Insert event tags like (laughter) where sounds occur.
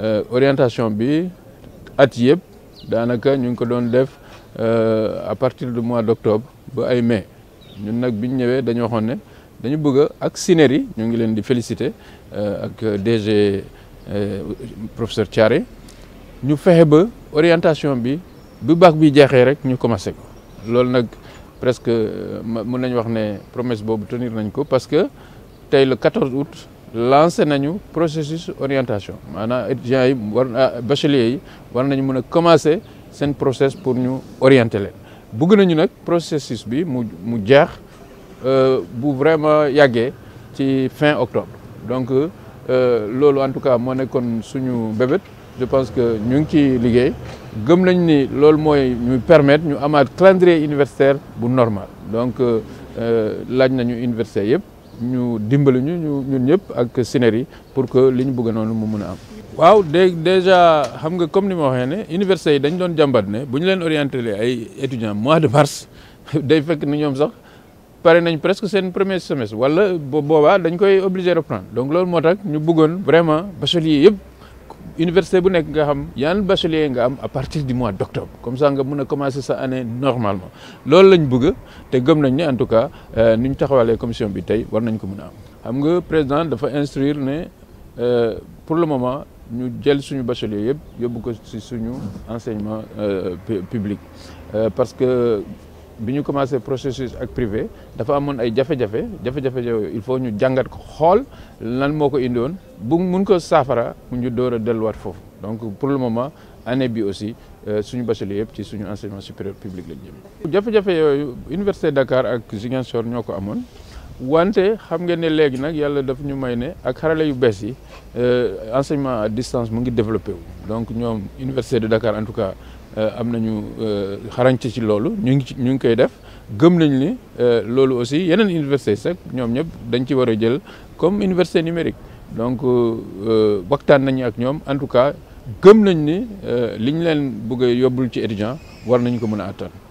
Euh, orientation bi at yëpp ñu ko euh, à partir du mois d'octobre, ba ay mai ñun nak bi ñëwé dañu dañu bëgg ak DG euh, professeur Thiaré ñu orientation bi bu bac bi jeexee rek ñu presque promesse tenir parce que le 14 août lancé nañu processus orientation Maintenant, étudiants yi war bacheliers yi war nañu commencé process pour nous orienter Nous bëgg nañu processus bi mu mu jeex euh, bu vraiment yàggee ci fin octobre donc euh, loolu en tout cas moo kon suñu bébét je pense que ñu qui ciy liggéey ni loolu permet, ñu permettre ñu amaat calendrier universitaire bu normal donc euh, euh nañu université ñu dimbali ñu ñun ñëpp ak sinéri pour que li ñu bëgg noonu mu comme ni ma waxee ne université yi dañ doon jàmbat ne bu ñu étudiants mois de mars (laughs) day fekk ni ñoom sax pare nañ presque seen premier semestre wala boobaa dañ koy obligé reprendre donc loolu moo tax ñu bëggoon vraiment université bu nek nga bachelier à partir du mois d'octobre, comme ça nga commencer sa année normalement loolu lañ bëgg te gëm nañ en tout cas euh, commission bi war nañ ko am xam nga président dafa instruire euh, pour le moment ñu jël suñu bachelier yëpp yóbbu ko ci suñu enseignement euh, public parce que bi ñu commencé processus ak privé dafa amoon ay jafe-jafe jafe-jafe yooyu il faut ñu jàngat ko xool lan moo ko indi woon bu mun ko saafara mu ñu door a delluwaat foofu donc pour le moment année bi aussi euh, suñu bachelier yëpp ci suñu enseignement supérieur public la jëm. jafe-jafe yooyu Université Dakar ak Ziguinchor ñoo ko amoon. wante xam ngeen ne léegi nag yàlla daf ñu may ne ak xarala yu bees yi euh, enseignement à distance mu ngi développé wu donc ñoom université de Dakar en tout cas euh, am nañu euh, xarañte ci loolu ñu ngi ñu ngi koy def gëm nañ ni loolu aussi yeneen université sax ñoom ñëpp dañ ci war a jël comme université numérique donc waxtaan nañu ak ñoom en tout cas gëm nañ ni li ñu leen bëgg a yóbbul ci étudiant war nañ ko mën a attan